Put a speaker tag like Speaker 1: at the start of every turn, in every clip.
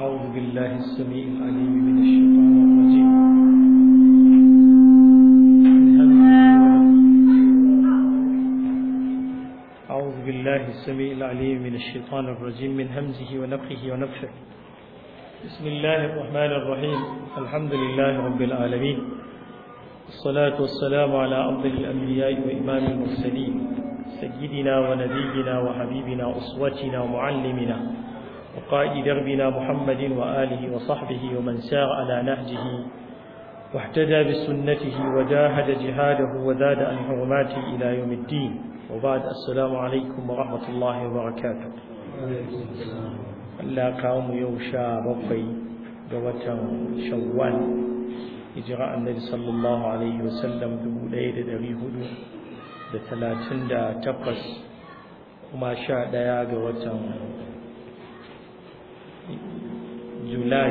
Speaker 1: أعوذ بالله السميع العليم من الشيطان الرجيم أعوذ بالله السميع العليم من الشيطان الرجيم من همزه ونفخه ونفخه بسم الله الرحمن الرحيم الحمد لله رب العالمين الصلاة والسلام على أفضل الأنبياء وإمام المرسلين سيدنا ونبينا وحبيبنا أسوتنا ومعلمنا وقائد دربنا محمد وآله وصحبه ومن سار على نهجه واحتدى بسنته وجاهد جهاده وزاد عن حرماته إلى يوم الدين وبعد السلام عليكم ورحمة الله وبركاته الله قوم يوشى بقي دوتا شوان إجراء النبي صلى الله عليه وسلم ذو ليلة دريه دو دثلاثين دا تقص وما شاء دياغ وتم julai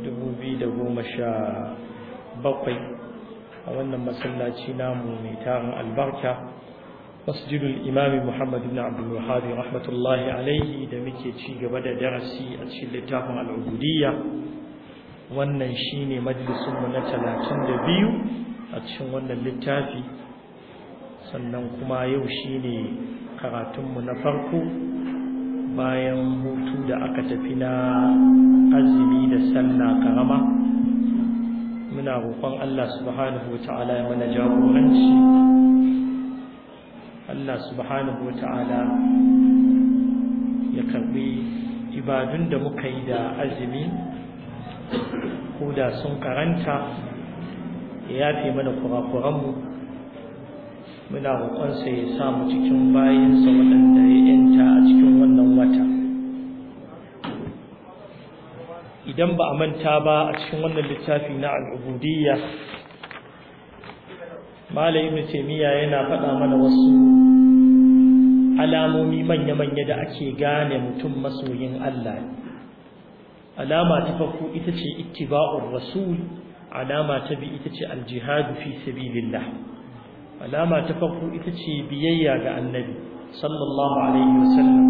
Speaker 1: 2017 a wannan masallaci namu mai tarin albarka masjidul imami muhammad ibn abdul wahabi rahmatullahi alaihi da muke ci gaba da darasi a cikin littafin al'ududiyya wannan shine majalisun mu na 32 a cikin wannan littafi sannan kuma yau shine karatun mu na farko bayan hutu da aka tafi na azumi da sallah karama muna roƙon Allah subhanahu wa ta'ala ya mana jagoranci Allah subhanahu wa ta'ala ya karbi ibadun da muka yi da azumi ko da sun karanta ya yafe mana kurakuranmu muna roƙonsa ya samu cikin bayansa waɗanda ya yanta a cikin wannan wata idan ba a manta ba a cikin wannan littafi na al'ubudiyya malayi ibn taimiyya yana faɗa mana wasu alamomi manya-manya da ake gane mutum masoyin Allah alama ta farko ita ce ittiba'ur rasul alama ta bi ita ce aljihadu fi sabilillah alama ta farko ita ce biyayya ga annabi sallallahu alaihi wasallam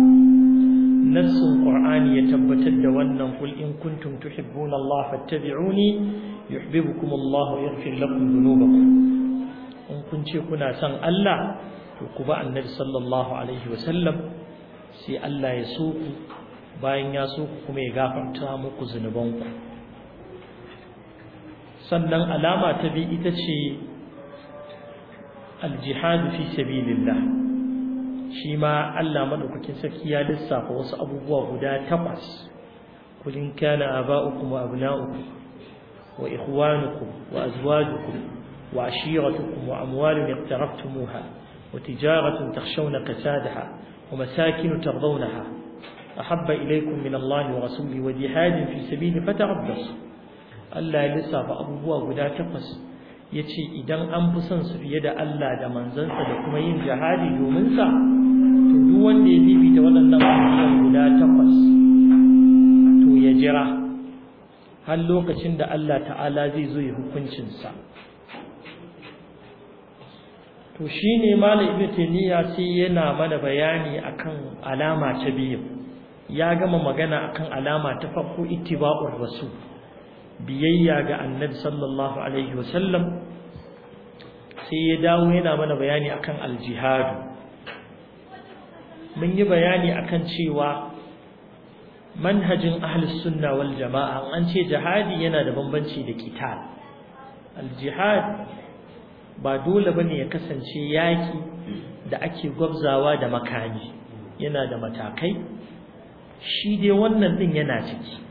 Speaker 1: nassin qur'ani ya tabbatar da wannan kul in kuntum tuhibbuna Allah fattabi'uni yuhibbukum Allah wa yaghfir lakum dhunubakum in kun ce kuna son Allah to ku ba annabi sallallahu alaihi wasallam sai Allah ya so ku bayan ya so ku kuma ya gafarta muku zunubanku sannan alama ta bi ita ce الجهاد في سبيل الله شيما ألا مدوكك سكيا لسا أبو بواه لا تقص قل إن كان آباؤكم وأبناؤكم وإخوانكم وأزواجكم وعشيرتكم وأموال اقترفتموها وتجارة تخشون كسادها ومساكن ترضونها أحب إليكم من الله ورسوله وجهاد في سبيل فتربصوا ألا لسا بواه لا تقص ya ce idan an fi son su fiye da Allah da manzansa da kuma yin jihadi domin sa to duk wanda ya bibita waɗannan abubuwan guda takwas to ya jira har lokacin da Allah ta'ala zai zo ya hukuncinsa to shine malam ibnu taymiya sai yana mana bayani akan alama ta biyu ya gama magana akan alama ta farko ittiba'ur rasul biyayya ga annabi sallallahu alaihi wasallam sai ya dawo yana mana bayani akan aljihadu mun yi bayani akan cewa manhajin ahlus sunna wal jama'a an ce jihadi yana da bambanci da qital aljihad ba dole bane ya kasance yaki da ake gwabzawa da makami yana da matakai shi dai wannan din yana ciki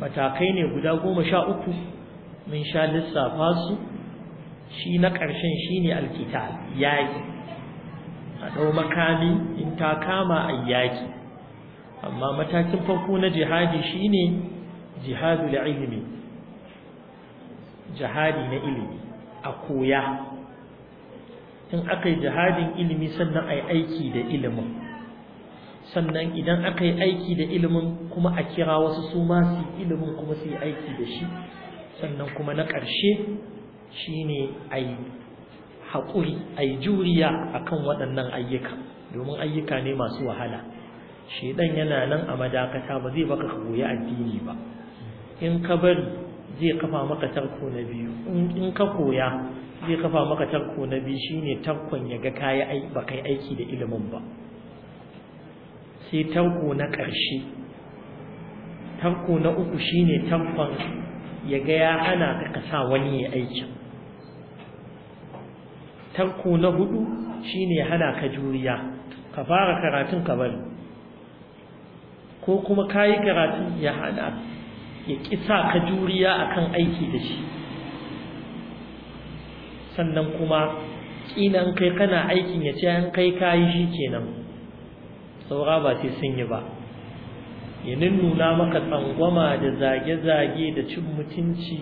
Speaker 1: matakai ne guda goma sha uku mun sha lissafa su shi na ƙarshen shi ne alkita yaƙi a ɗau makami in ta kama a yaƙi amma matakin farko na jihadi shi ne jihadu da ilimi jihadi na ilimi a koya in aka yi jihadin ilimi sannan a yi aiki da ilimin sannan idan aka yi aiki da ilimin kuma a kira wasu su ma su ilimin kuma su yi aiki da shi sannan kuma na ƙarshe shine a yi haƙuri a yi juriya a kan waɗannan ayyuka domin ayyuka ne masu wahala shaidan yana nan a madakata ba zai baka ka goyi addini ba in ka bari zai kafa maka tarko na biyu in ka koya zai kafa maka tarko na biyu shine tarkon ya ga kayi ba kai aiki da ilimin ba sai tarko na ƙarshe tarko na uku shi ne tarkon ya ga ya hana ka sa wani ya aikin tarko na hudu shi ne hana ka juriya ka fara karatun ka bari ko kuma ka yi karatun ya hana ya kisa ka juriya akan aiki da shi sannan kuma ƙinan kai kana aikin ya ce an kai kayi shi kenan saura ba sai sun yi ba ya nuna maka tsangwama da zage-zage da cin mutunci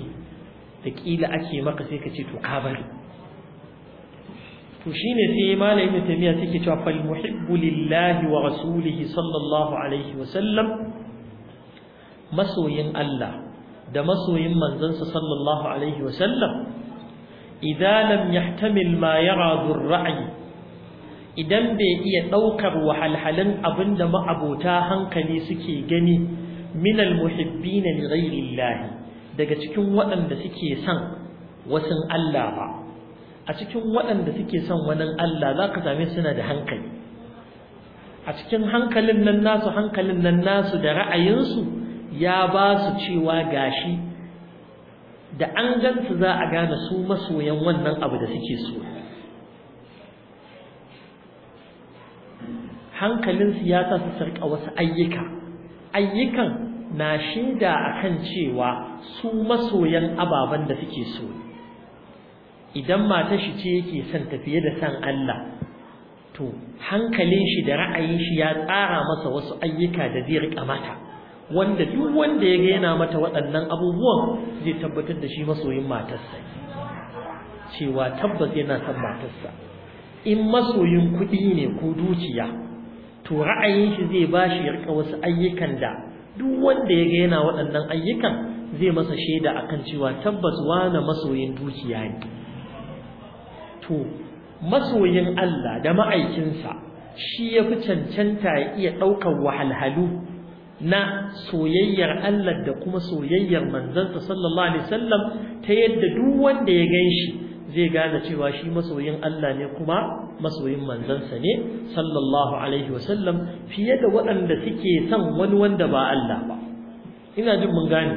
Speaker 1: da ƙila ake maka sai ka ce to bari to shine sai malai ibn tamiya take cewa fal muhibbu lillahi wa rasulihi sallallahu alaihi wa sallam masoyin Allah da masoyin manzansa sallallahu alaihi wa sallam idan lam yahtamil ma yara ra'ayi. idan bai iya ɗaukar wahalhalin abin da ma'abota hankali suke gani minal muhibbina li ghairillahi daga cikin waɗanda suke son wasu Allah ba a cikin waɗanda suke son wani Allah za ka same suna da hankali a cikin hankalin nan nasu hankalin nan nasu da ra'ayinsu ya ba su cewa gashi da an gansu za a gane su masoyan wannan abu da suke so hankalin sa su sarƙa wasu ayyuka ayyukan na shaida akan cewa su masoyan ababen da suke so idan mata shi ce yake son tafiye da san Allah to hankalin shi da ra'ayin shi ya tsara masa wasu ayyuka da zai riƙa mata wanda duk wanda ya ga yana mata waɗannan abubuwan zai tabbatar da shi masoyin matarsa cewa tabbas yana son matarsa in masoyin kuɗi ne ko dukiya to ra'ayin shi zai ba shi rika wasu ayyukan da duk wanda ya ga yana waɗannan ayyukan zai masa shaida akan cewa tabbas wane masoyin dukiya ne to masoyin Allah da ma'aikinsa shi ya fi cancanta ya iya ɗaukar wahalhalu na soyayyar Allah da kuma soyayyar manzansa sallallahu alaihi wasallam ta yadda duk wanda ya gan zai gane cewa shi masoyin Allah ne kuma masoyin manzansa ne sallallahu alaihi wasallam fiye da waɗanda suke son wani wanda ba Allah ba ina jin mun gane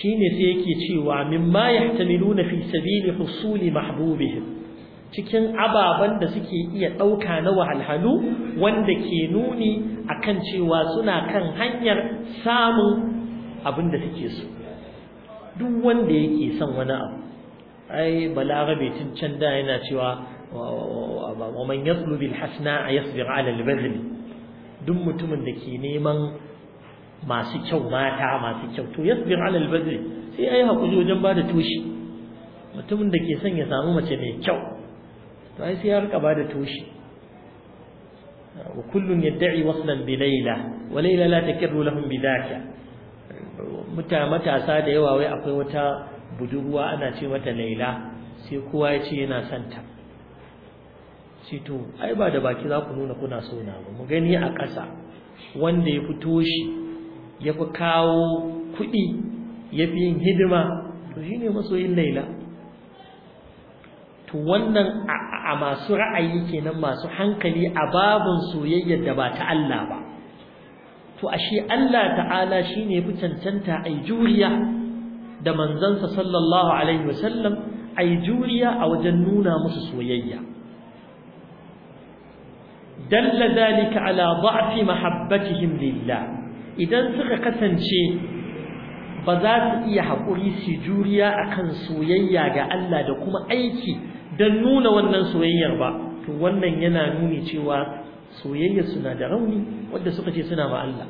Speaker 1: shine sai yake cewa mimma yahtamiluna fi sabili husuli mahbubihim cikin ababan da suke iya ɗauka na wahalhalu wanda ke nuni akan cewa suna kan hanyar samun abin da suke so duk wanda yake son wani abu ai balarabe tun can da yana cewa wa man yatlubi alhasna yasbir ala albadhl duk mutumin da ke neman masu kyau mata masu kyau to yasbir ala albadhl sai ai hakuri wajen bada toshi mutumin da ke son ya samu mace mai kyau to ai sai ya rika bada toshi wa kullun yad'i waslan bi layla wa layla la takirru lahum bidaka matasa da yawa wai akwai wata budurwa ana ce mata laila sai kowa ya ce yana son ta to ai ba da baki za ku nuna kuna so na ba mu gani a ƙasa wanda ya fito shi ya fi kawo kuɗi ya fi yin hidima to shi ne masoyin laila to wannan a masu ra'ayi kenan masu hankali a babin soyayyar da ba ta Allah ba to ashe Allah ta'ala shine ya fi cancanta ai juriya da manzansa sallallahu alaihi wasallam ai juriya a wajen nuna musu soyayya dalla dalika ala da'fi mahabbatihim lillah idan suka kasance ba za su iya haƙuri su juriya akan soyayya ga Allah da kuma aiki don nuna wannan soyayyar ba to wannan yana nuni cewa soyayya suna da rauni wadda suka ce suna ba Allah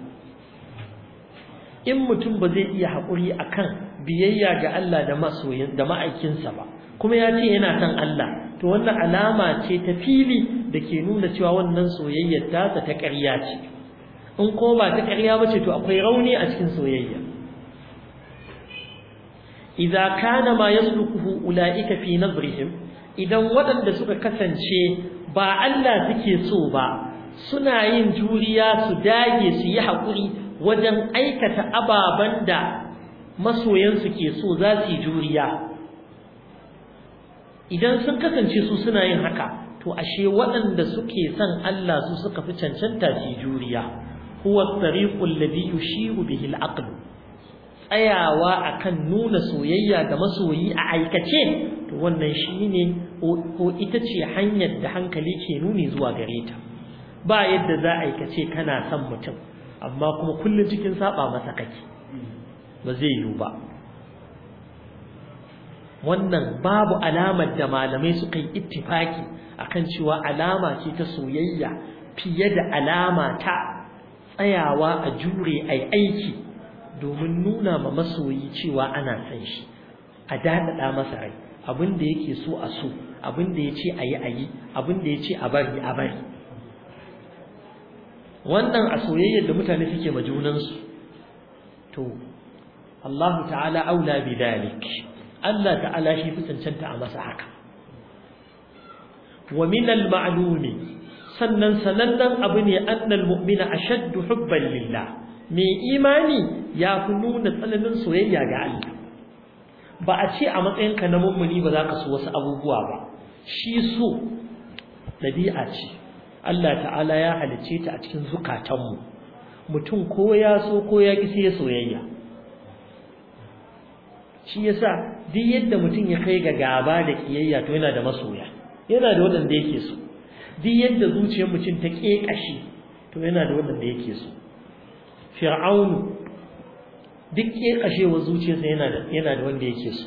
Speaker 1: in mutum ba zai iya haƙuri a kan biyayya ga Allah da ma'aikinsa ba kuma ya ce yana san Allah to wannan alama ce ta fili da ke nuna cewa wannan soyayya tasa ta ƙarya ce in ko ba ta ƙarya ba ce to akwai rauni a cikin soyayya idza kana ma Ula, ulaika fi nazrihim idan waɗanda suka kasance ba Allah suke so ba suna yin juriya su dage su yi haƙuri wajen aikata ababen da masoyansu ke so za su yi juriya idan sun kasance su suna yin haka to ashe waɗanda suke son Allah su suka fi cancanta su yi juriya huwa tariqul ladhi yushiru bihi al-aql tsayawa akan nuna soyayya ga masoyi a aikace to wannan shine ko ita ce hanyar da hankali ke nuni zuwa gare ta ba yadda za a yi ka ce kana son mutum amma kuma kullum cikin saba masa kake ba zai yiwu ba wannan babu alamar da malamai suka yi ittifaki akan cewa alama ce ta soyayya fiye da alama ta tsayawa a jure ai aiki domin nuna ma masoyi cewa ana san shi a dadada masa rai abin yake so a so abinda da ya ce a yi a yi abin ya ce a bari a bari wannan a soyayyar da mutane suke ma junansu to Allah ta'ala aula bi dalik Allah ta'ala shi fi cancanta a masa haka wa min al sannan sanannan abu ne annal mu'mina ashaddu hubban lillah mai imani ya fi nuna tsananin soyayya ga Allah ba a ce a matsayinka na mummuni ba za ka so wasu abubuwa ba shi so ɗabi'a ce Allah ta'ala ya halice ta a cikin zukatanmu mutum ko ya so ko ya ki sai soyayya shi yasa duk yadda mutum ya kai ga gaba da kiyayya to yana da masoya yana da waɗanda yake so duk yadda zuciyar mutum ta ƙeƙashi to yana da waɗanda yake so fir'aunu duk ƙeƙashewar zuciyarsa yana da wanda yake so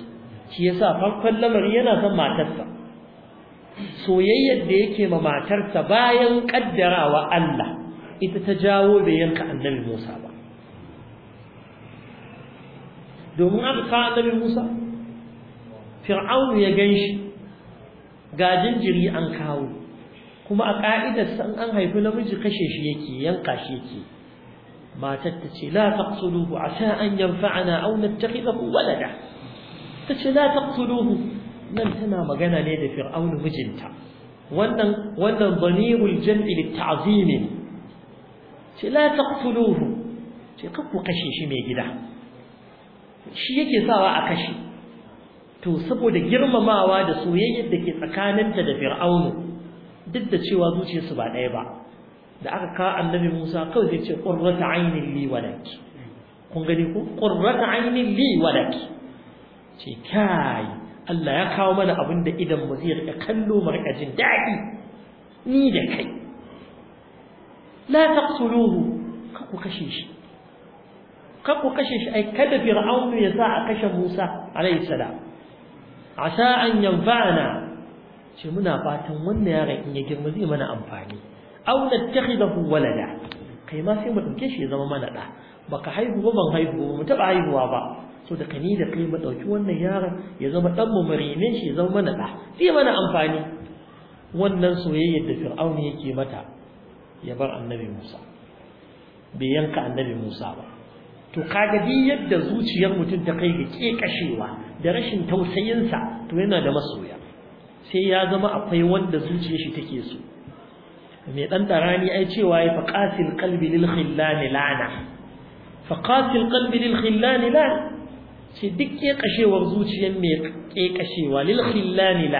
Speaker 1: shi yasa farkon lamari yana son matarsa soyayyar da yake ma matarsa bayan kaddarawa Allah ita ta jawo bai yanka annabi Musa ba domin aka kawo annabi Musa Fir'aunu ya ganshi ga jinjiri an kawo kuma a ka'idar san an haifi namiji kashe shi yake yanka shi yake matar ta ce la taqtuluhu asa an yanfa'ana aw nattakhidahu walada ta ce la taqtuluhu nan tana magana ne da fir'aunu mijinta wannan wannan zamirul jam'i litta'zim ce la taqtuluhu ce ka ku kashe shi mai gida shi yake sawa a kashe to saboda girmamawa da soyayyar da ke tsakaninta da fir'aunu duk da cewa zuciyarsu ba ɗaya ba da aka kawo annabi Musa kawai zai ce qurrata aynin li walaki kun gani ko qurrata aynin li walaki ce kai Allah ya kawo mana abin da idan mu zai rika kallo mu rika jin daɗi ni da kai la taqtuluhu ka ku kashe shi ka ku kashe shi ai kada fir'aun ya sa a kashe Musa alayhi salam asa an yanfa'ana ce muna fatan wannan yaron in ya girma zai mana amfani aw nattakhidahu walada kai ma sai mu dauke shi ya zama mana da baka haihu ba ban haihu ba mu taba haihuwa ba so da kani da kai mu dauki wannan yaron ya zama dan mu marinin shi ya zama mana da zai mana amfani wannan soyayyar da fir'auna yake mata ya bar annabi Musa bai yanka annabi Musa ba to kaga bi yadda zuciyar mutum ta kai ga kashewa da rashin tausayinsa to yana da masoya sai ya zama akwai wanda zuciyar shi take so mai dan ni ai cewa ya faqasil qalbi lil khillani lana faqasil qalbi lil khillani lana ce duk ƙeƙashewar zuciyar mai ƙeƙashewa lil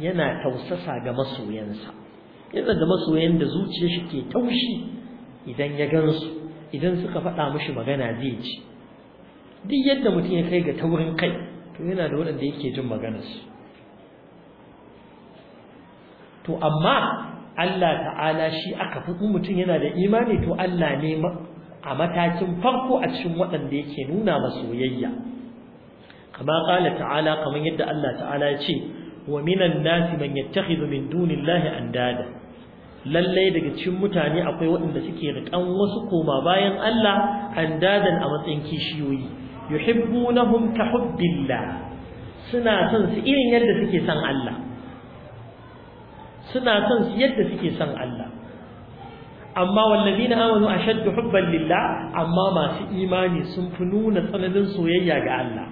Speaker 1: yana tausasa ga masoyansa yana da masoyan da zuciyar shi ke taushi idan ya gansu idan suka faɗa mashi magana zai ji duk yadda mutum ya kai ga taurin kai to yana da waɗanda yake jin maganarsu to amma Allah ta'ala shi aka fi mutum yana da imani to Allah ne a matakin farko a cikin waɗanda yake nuna masoyayya kama ƙala ta'ala kamar yadda Allah ta'ala ya ce wa minan nasi man yattakhidhu min dunillahi andada lalle daga cikin mutane akwai waɗanda suke riƙan wasu koma bayan Allah andadan a matsayin kishiyoyi yuhibbunahum ka hubbillah suna son su irin yadda suke son Allah suna son su yadda suke son Allah amma na amanu ashaddu hubban lillah amma masu imani sun fi nuna tsananin soyayya ga Allah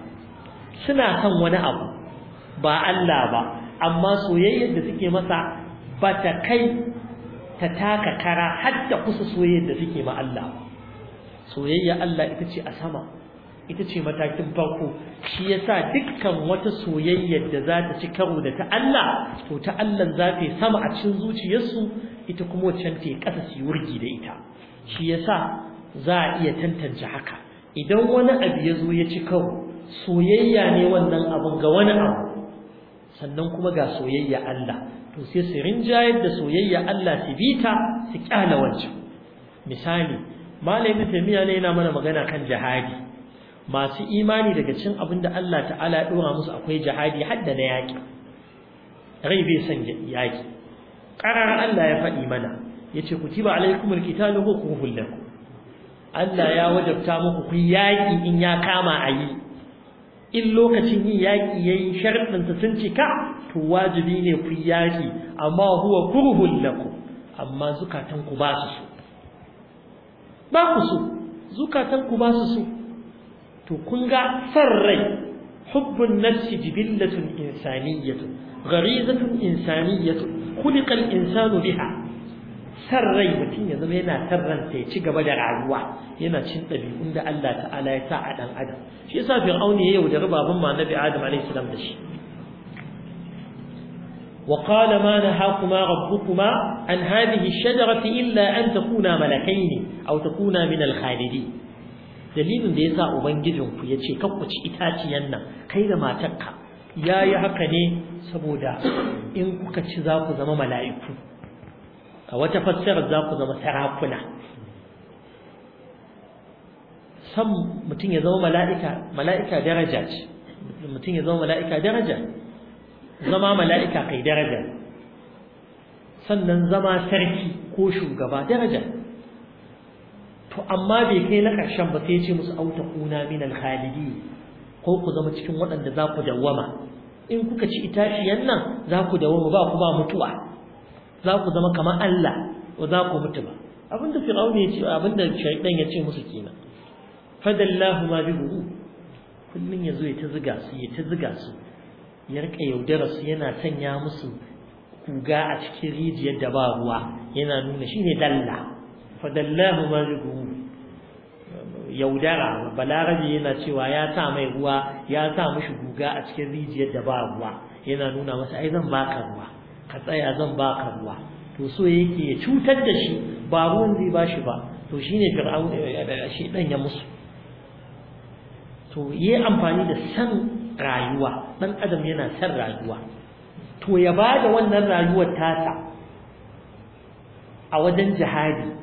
Speaker 1: suna son wani abu ba Allah ba amma soyayyar da suke masa ba ta kai ta taka kara har ta kusa soyayyar da suke ma Allah soyayya Allah ita ce a sama ita ce matakin farko shi yasa dukkan wata soyayyar da za ta ci karo da ta Allah to ta Allah za ta yi sama a cikin zuciyarsu ita kuma wancan ta yi ƙasa su wurgi da ita shi yasa za a iya tantance haka idan wani abu ya zo ya ci karo soyayya ne wannan abun ga wani abu sannan kuma ga soyayya Allah to sai su rinjayar da soyayya Allah su bita su kyala wancan misali malamin miya ne yana mana magana kan jihadi masu imani daga cin abin da Allah ta'ala ya dora musu akwai jihadi hadda na yaki rai bai san yaki Ƙarar Allah ya faɗi mana yace kutiba alaikumul qitalu hukuhul lakum Allah ya wajabta muku ku yaki in ya kama ayi in lokacin yin yaƙi yayi sharadin ta sun cika to wajibi ne ku yaki amma huwa lakum amma zukatan ku ba su ba ku so zukatan ku ba su so to kun ga san rai hubbun nafsi jibillatun insaniyatu gharizatun insaniyatu khuliqal insanu biha san rai mutum ya zama yana san ransa ya ci gaba da rayuwa yana cin ɗabi'un da Allah ta'ala ya sa a ɗan adam shi yasa fir'auni ya yaudari baban ma nabi adam alaihi salam da shi وقال ما نهاكما ربكما عن هذه الشجرة إلا أن تكونا ملكين أو تكونا من الخالدين dalilin da yasa ubangijinku ya ce ku ci itaciyan nan kai da matarka ya yi haka ne saboda in kuka ci za ku zama mala'iku a wata fassara za ku zama sarakuna san mutum ya zama mala'ika mala'ika daraja ce mutun ya zama mala'ika daraja zama mala'ika kai daraja sannan zama sarki ko shugaba daraja to amma bai kai na ƙarshen ba sai ce musu auta kuna min al-khalidi ko ku zama cikin waɗanda za ku dawwama in kuka ci itashiyan nan za ku dawwama ba ku ba mutuwa za ku zama kamar Allah ba za ku mutu ba abinda fir'auni ya ce abinda shaytan ya ce musu kenan fadallahu ma bihu kullun yazo ya ta ziga su ya ta ziga su ya rika yaudara su yana sanya musu kuga a cikin rijiyar da ba ruwa yana nuna shine dalla fadallahu marjuhu yaudara balarabi yana cewa ya sa mai ruwa ya sa mishi guga a cikin rijiyar da ba ruwa yana nuna masa ai zan baka ruwa ka tsaya zan baka ruwa to so yake ya cutar da shi ba ruwan zai ba shi ba to shine fir'aun eh, shi dan ya musu to yi amfani da san rayuwa dan adam yana san rayuwa to ya bada wannan rayuwar tasa a wajen jihadi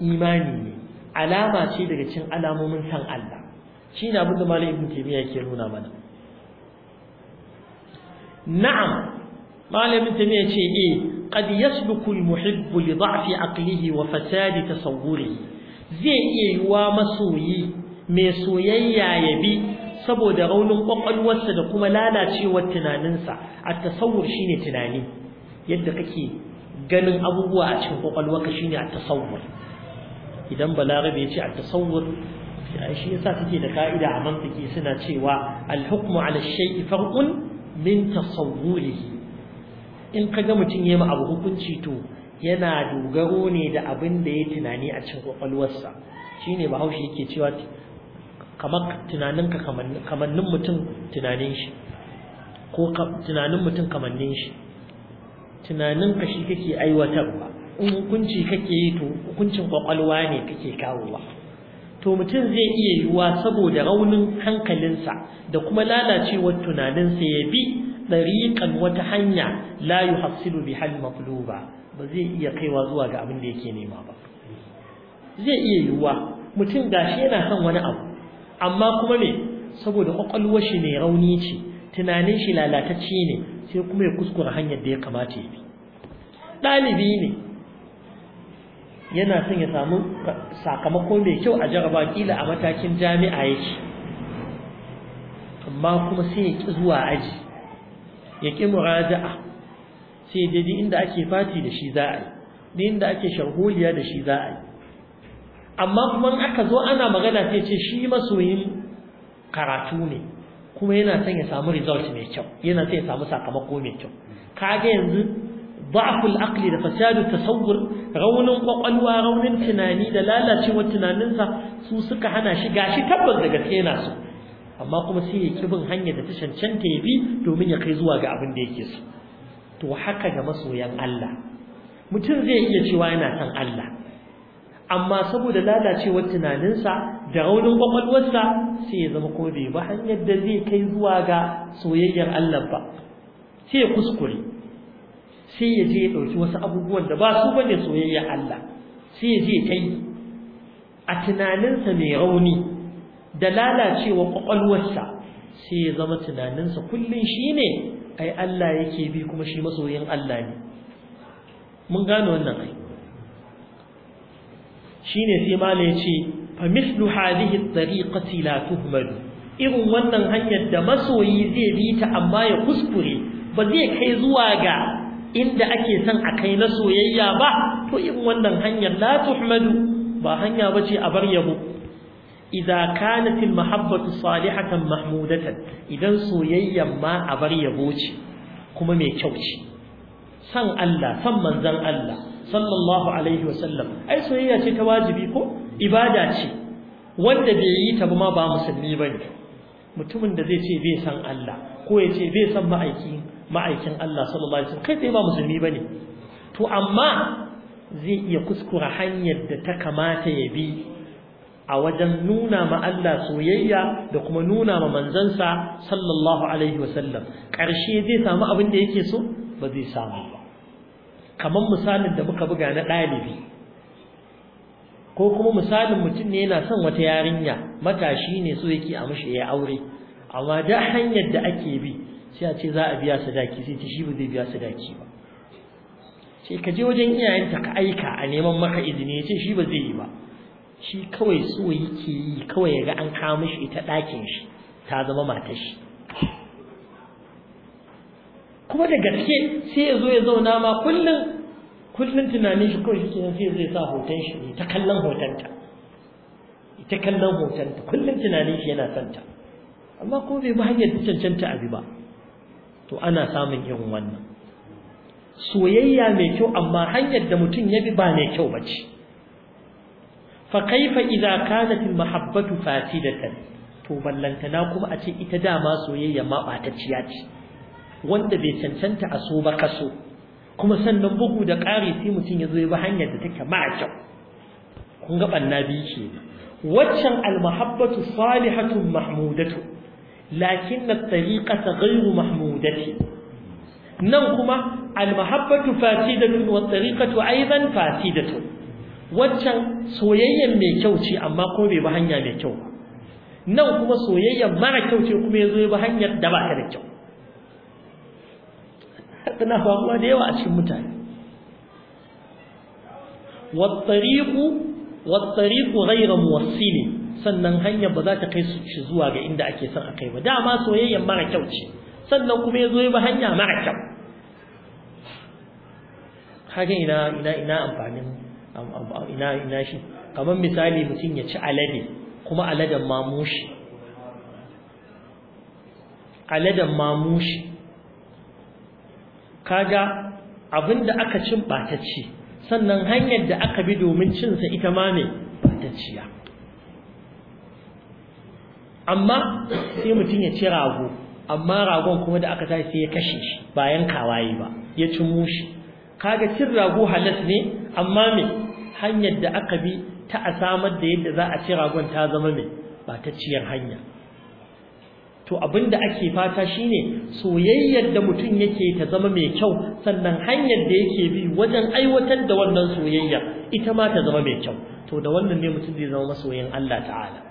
Speaker 1: imani ne alama ce daga cikin alamomin san Allah shi ne abin da malamin ibn taymiya yake nuna mana na'am malamin ibn taymiya ce eh qad yasluku al-muhibbu li da'fi aqlihi wa fasadi tasawwurihi zai iya wa masoyi mai soyayya ya bi saboda raunin kwakwalwarsa da kuma lalacewar tunaninsa a tasawur shine tunani yadda kake ganin abubuwa a cikin kwakwalwarka shine a tasawur idan balarabe ya ce a tasawwur shi yasa suke da ka'ida a mantiki suna cewa al-hukmu ala shay'i farqun min tasawwurihi in kaga mutum yayi abu hukunci to yana dogaro ne da abin da ya tunani a cikin kwakwalwarsa shine bahaushe yake cewa kamar tunaninka kamannin mutum tunanin shi ko tunanin mutum kamannin shi tunaninka shi kake aiwatarwa in hukunci kake yi to hukuncin kwakwalwa ne kake kawowa to mutum zai iya yiwuwa saboda raunin hankalinsa da kuma lalacewar tunaninsa ya bi ɗariƙan wata hanya layu hafsilu bi hal maqluba ba zai iya kaiwa zuwa ga abin da yake nema ba zai iya yiwuwa mutum gashi yana kan wani abu amma kuma me saboda kwakwalwar shi ne rauni ce tunanin shi lalataci ne sai kuma ya kuskura hanyar da ya kamata ya bi ɗalibi ne yana son ya samu sakamako mai kyau a jaraba kila a matakin jami'a yake amma kuma sai ya ƙi zuwa aji ya ƙi muraja'a sai dai inda ake fati da shi za a yi inda ake sharholiya da shi za a yi amma kuma aka zo ana magana sai ce shi masoyin karatu ne kuma yana son ya samu result mai kyau yana son ya samu sakamako mai kyau kaga yanzu ضعف العقل da fasadu tasawwur raunin kwakwalwa raunin tunani da lalacewar tunaninsa su suka hana shi gashi tabbas daga tsena yana amma kuma sai ya ki bin hanyar da ta cancanta ya bi domin ya kai zuwa ga abin da yake so to haka ga masoyan Allah mutum zai iya cewa yana son Allah amma saboda lalacewar tunaninsa da raunin kwakwalwarsa sai ya zama kuma bai ba hanyar da zai kai zuwa ga soyayyar Allah ba sai ya kuskure sai ya je ya ɗauki wasu abubuwan da ba su ne soyayya Allah sai ya je ta yi a tunaninsa mai rauni da lalacewa ƙwaƙwalwarsa sai ya zama tunaninsa kullum shi ne ai Allah yake bi kuma shi masoyin Allah ne mun gane wannan ai shi ne sai mala ya ce fa mislu hadhihi tariqati la tuhmadu irin wannan hanyar da masoyi zai bi ta amma ya kuskure ba zai kai zuwa ga inda ake son a kai na soyayya ba to in wannan hanyar la tuhmadu ba hanya bace a bar yabo idza kanat al mahabbatu salihatan mahmudatan idan soyayyan ma a bar yabo ce kuma mai kyau ce san Allah san manzon Allah sallallahu alaihi wasallam ai soyayya ce ta wajibi ko ibada ce wanda bai yi ta ba musulmi bane mutumin da zai ce bai san Allah ko ya ce bai san ma'aiki ma'aikin Allah sallallahu alaihi wasallam kai tsaye ba musulmi bane to amma zai iya kuskura hanyar da ta kamata ya bi a wajen nuna ma Allah soyayya da kuma nuna ma manzansa sallallahu alaihi wasallam ƙarshe zai samu abin da yake so ba zai samu ba kamar misalin da muka buga na ɗalibi ko kuma misalin mutum ne yana son wata yarinya matashi ne so yake a mashi ya aure amma da hanyar da ake bi sai a ce za a biya sadaki sai ce shi ba zai biya sadaki ba sai ka je wajen iyayenta ka aika a neman maka izini ya ce shi ba zai yi ba shi kawai so yake yi kawai ya ga an kawo mishi ita ɗakin shi ta zama matar shi kuma da gaske sai ya zo ya zauna ma kullum kullum tunanin shi kawai shi sai zai sa hoton shi ta kallon hotonta ita kallon hotonta kullum tunanin shi yana santa amma kuma bai bi hanyar cancanta abi ba to ana samun irin wannan soyayya mai kyau amma hanyar da mutum ya bi ba mai kyau ba ce fa kaifa idza kanat al mahabbatu fasidatan to ballantana kuma a ce ita dama soyayya ma ciya ce wanda bai cancanta a so ba kaso kuma sannan bugu da ƙari sai mutum ya zo ya bi hanyar da take ma kyau kun ga ɓanna biyu waccan almahabbatu salihatun mahmudatu lakin at-tariqata ghayru mahmudati nan kuma al-mahabbatu fasidatun wa at-tariqatu aidan fasidatun waccan soyayyen mai kyau ce amma ko bai ba hanya mai kyau nan kuma soyayyen mara kyau ce kuma yazo ba hanyar da ba ta da kyau tana faruwa da yawa a cikin mutane والطريق والطريق غير موصل sannan hanyar ba za ta kai shi zuwa ga inda ake son a kai ba dama soyayyen mara kyau ce sannan kuma ya zo yi bi hanya mara kyau kaga ina ina ina amfanin ina ina shi kamar misali mutum ya ci alade kuma aladen mamushi aladen mamushi kaga abinda aka cin batacci sannan hanyar da aka bi domin cinsa ita ma ne batacciya amma sai mutum ya ci rago amma ragon kuma da aka tashi ya kashe shi ba yankawa yi ba ya ci mushi kaga cin rago halas ne amma me hanyar da aka bi ta a samar da yadda za a ci ragon ta zama me ba ta ciyar hanya to abinda da ake fata shine soyayyar da mutum yake ta zama mai kyau sannan hanyar da yake bi wajen aiwatar da wannan soyayya ita ma ta zama mai kyau to da wannan ne mutum zai zama masoyin Allah ta'ala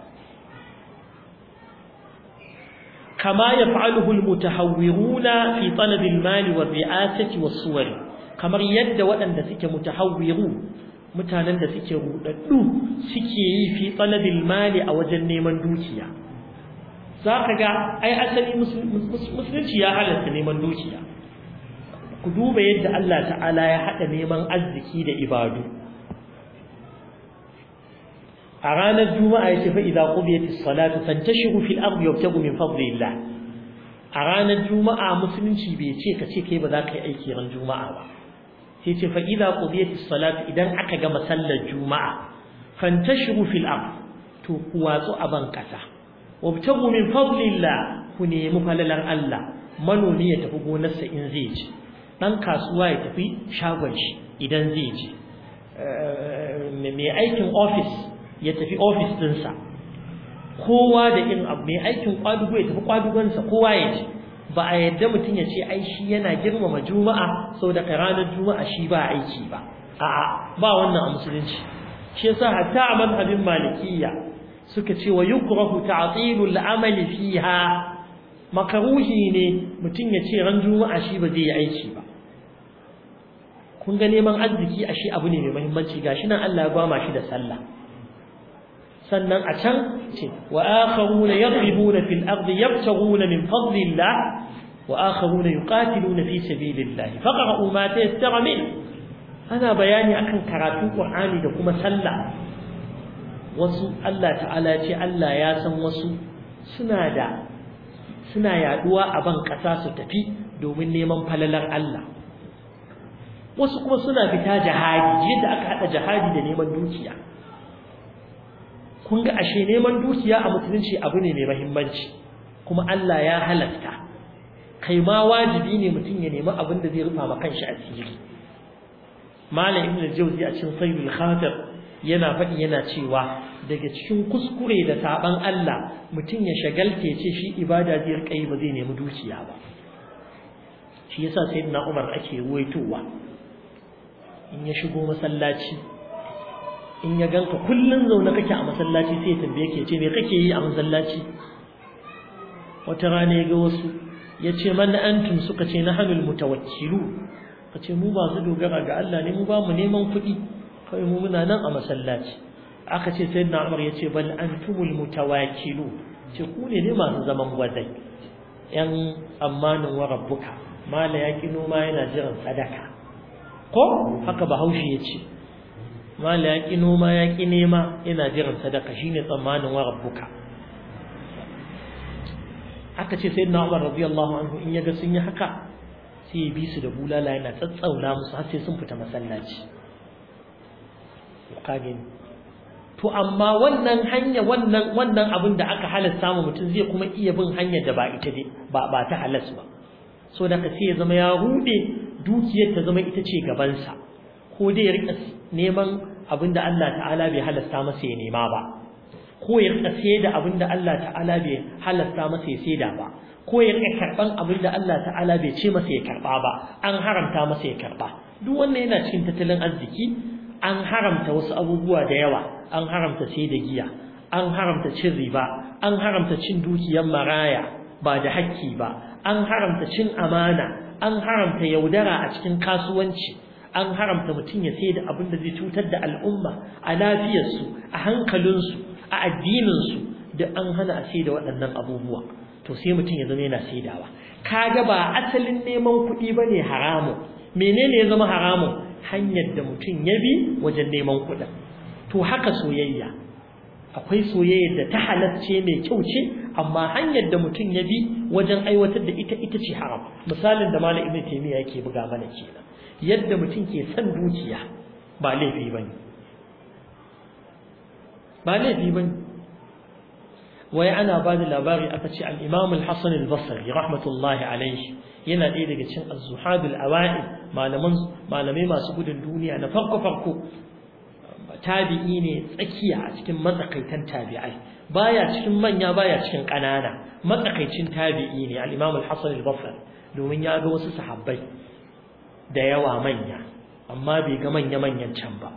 Speaker 1: Kama كما يفعله المتحورون في طلب المال والرئاسة والصور كما يد وأن ذلك متحورون mutanen da suke rudaddu suke yi fi talabil mali a wajen neman dukiya za ka ga ai asali musulunci ya halatta neman dukiya ku duba yadda Allah ta'ala ya haɗa neman arziki da ibadu a ranar juma'a yake fa idza qudiyatis salatu fantashiru fil ardi wabtagu min fadlillah a ranar juma'a musulunci bai ce ka ce kai ba za ka yi aiki ran juma'a ba sai ce fa idza qudiyatis salatu idan aka gama sallar juma'a fantashiru fil ardi to ku watsu a ban kasa wabtagu min fadlillah ku nemi falalar Allah manomi ya tafi gonarsa in zai ci dan kasuwa ya tafi shagon shi idan zai ci eh, mai aikin office ya tafi ofis ɗinsa kowa da in abu mai aikin kwadugo ya tafi kwadugonsa kowa ya ce ba a yadda mutum ya ce ai shi yana girmama juma'a sau da ranar juma'a shi ba aiki ba a'a ba wannan a musulunci shi yasa hatta a mazhabin malikiyya suka ce wa yukrahu ta'tilul la'amali fiha makaruhi ne mutum ya ce ran juma'a shi ba zai yi aiki ba kun ga neman arziki a shi abu ne mai muhimmanci gashi nan Allah ya gwama shi da sallah sannan a can ce wa akharuna yadribuna fil ardi yabtaghuna min fadlillah wa akharuna yuqatiluna fi sabilillah faqra'u ya tayassara min ana bayani akan karatun Qur'ani da kuma sallah wasu Allah ta'ala ce Allah ya san wasu suna da suna yaduwa a ban ƙasa su tafi domin neman falalar Allah wasu kuma suna fita jihadi yadda aka haɗa jihadi da neman dukiya kun ga ashe neman dukiya a musulunci abu ne mai mahimmanci kuma Allah ya halatta kai ma wajibi ne mutum ya nemi abin da zai rufa ma shi a tsiri malam ibn jawzi a cikin sayyidul khatir yana faɗi yana cewa daga cikin kuskure da saban Allah mutum ya shagalce ce shi ibada zai rika ba zai nemi dukiya ba shi yasa sayyidina Umar ake ruwaitowa in ya shigo masallaci in ya ganka kullum zaune kake a masallaci sai ya tambaye ke ce me kake yi a masallaci wata rana ya ga wasu ya ce man antum suka ce na hanul mutawakkilu ka ce mu ba su dogara ga Allah ne mu ba mu neman kuɗi kawai mu muna nan a masallaci aka ce sayyidina Umar ya ce bal antumul mutawakkilu ce ku ne ne masu zaman gwadai yan amanin wa rabbuka mala ya noma yana jiran sadaka ko haka bahaushe ya ce mala yaki noma yaki nema ina jiran sadaka shine tsammanin wa rabbuka aka ce sai na umar radiyallahu anhu in ya ga sun yi haka sai bi su da bulala yana tsatsauna musu har sai sun fita masallaci to amma wannan hanya wannan wannan abin da aka halasta mu mutum zai kuma iya bin hanyar da ba ita ce ba ba ta halas ba so da ka sai ya zama ya rude dukiyar ta zama ita ce gabansa ko dai ya rika neman Abin da Allah ta'ala bai halasta masa ya nema ba ko ya rika saida da Allah ta'ala bai halasta masa ya saida ba ko ya rika karban da Allah ta'ala bai ce masa ya karba ba an haramta masa ya karba duk wannan yana cikin tattalin arziki an haramta wasu abubuwa da yawa an haramta sai da giya an haramta cin riba an haramta cin dukiyar maraya ba da hakki ba an haramta cin amana an haramta yaudara a cikin kasuwanci an haramta mutum ya sai da abin da zai cutar da al'umma a lafiyarsu a hankalinsu a addininsu da an hana a sai da waɗannan abubuwa to sai mutum ya zama yana saidawa kaga ba asalin neman kuɗi ba ne haramun menene ya zama haramun hanyar da mutum ya bi wajen neman kuɗin to haka soyayya akwai soyayyar da ta halarce mai kyau ce amma hanyar da mutum ya bi wajen aiwatar da ita ita ce haram misalin da malam ibnu taymiya yake buga mana kenan yadda mutum ke son dukiya ba laifi ba ne ba laifi ba ne wai ana ba da labari aka ce al'imam al-hassan al-basari rahmatullahi alaihi yana ɗaya daga cin azuhadul awa'i malamai masu gudun duniya na farko-farko tabi'i ne tsakiya a cikin matsakaitan tabi'ai baya cikin manya baya cikin ƙanana matsakaicin tabi'i ne al-imam al al domin ya ga wasu sahabbai da yawa manya amma bai ga manya-manyan can ba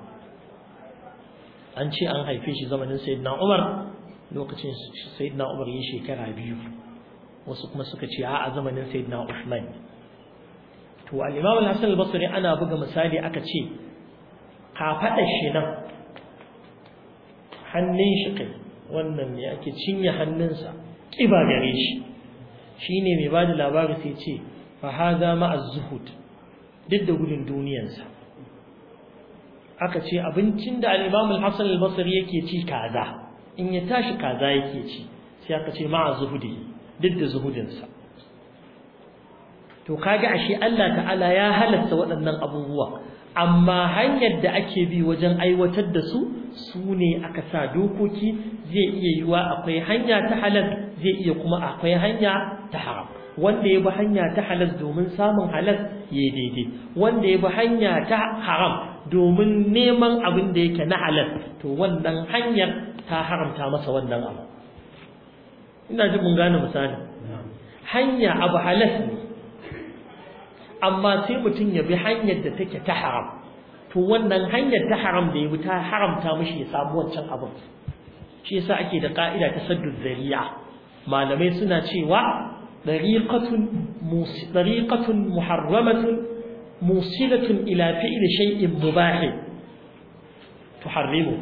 Speaker 1: an ce an haife shi zamanin na umar lokacin sayyidina umar yi shekara biyu wasu kuma suka ce a zamanin sayyidina usman to al-imam al-hasan al-basri ana buga misali aka ce kafaɗa shi nan hannun shi kai wannan ne ake cinye hannunsa kiba gare shi ne mai da labari sai ce fa hadha a zuhud duk da gudun duniyansa aka ce abincin da al Hassan al basar yake ci kaza in ya tashi kaza yake ci sai aka ce ma'a zuhudi duk da zuhudinsa to kaga ashe Allah ta'ala ya halatta waɗannan abubuwa amma hanyar da ake bi wajen aiwatar da su su ne aka sa dokoki zai iya yiwa akwai hanya ta halar zai iya kuma akwai hanya ta haram wanda ya bi hanya ta halal domin samun halal ya daidai wanda ya bi hanya ta haram domin neman abin da yake na halal to wannan hanyar ta haramta masa wannan abu ina ji mun gane misali hanya abu halal ne amma sai mutum ya bi hanyar da take ta haram to wannan hanyar ta haram da ya bi ta haramta mashi ya samu wancan abin shi yasa ake da ka'ida ta saddu zariya malamai suna cewa طريقة محرمة موصلة إلى فعل شيء مباح تحرمه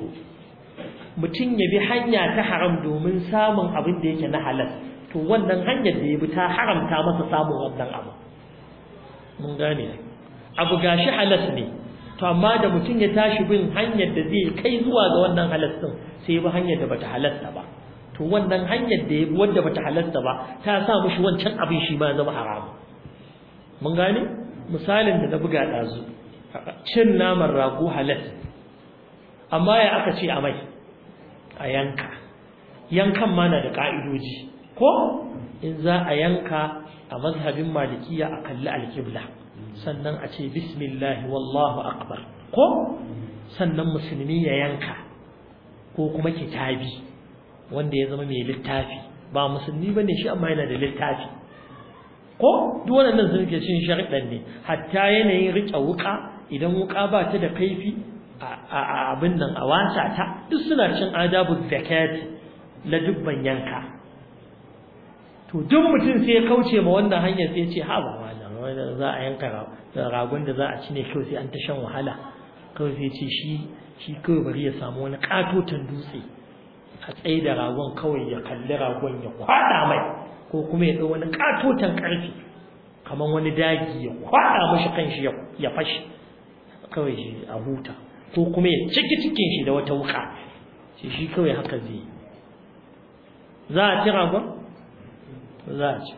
Speaker 1: mutum ya bi hanya ta haram domin samun abin da yake na halal to wannan hanyar da ya bi ta haramta masa samun wannan abu mun gane abu gashi halal ne to amma da mutum ya tashi bin hanyar da zai kai zuwa ga wannan halal din sai ya hanyar da bata halalta ba to wannan hanyar da ya bi wanda bata halasta ba ta sa mushi wancan abin shi ma zama haram mun gane misalin da na buga ɗazu cin naman rago halal amma ya aka ce a mai a yanka yankan ma na da ka'idoji. ko in za a yanka a mazhabin malikiya a kalli alƙibla sannan a ce bismillahi wallahu akbar ko sannan musulmi ya yanka ko kuma kitabi wanda ya zama mai littafi ba musulmi bane shi amma yana da littafi ko duk wannan sun ke cin shariɗan ne hatta yanayin rike wuka idan wuka ba ta da kaifi a abin nan a wasa ta duk suna cin adabu zakat la dubban yanka to duk mutum sai ya kauce ma wannan hanyar sai ya ce ha ba wannan za a yanka ragon da za a ci ne kawai sai an ta shan wahala kawai sai ce shi shi kawai bari ya samu wani katotan dutse a tsaye da ragon kawai ya kalli ragon ya kwada mai ko kuma ya wani katotan ƙarfi kamar wani dagi ya kwada mashi kanshi ya fashi kawai shi a huta ko kuma ya ciki cikin shi da wata wuka shi shi kawai haka zai yi za a ci ragon za a ci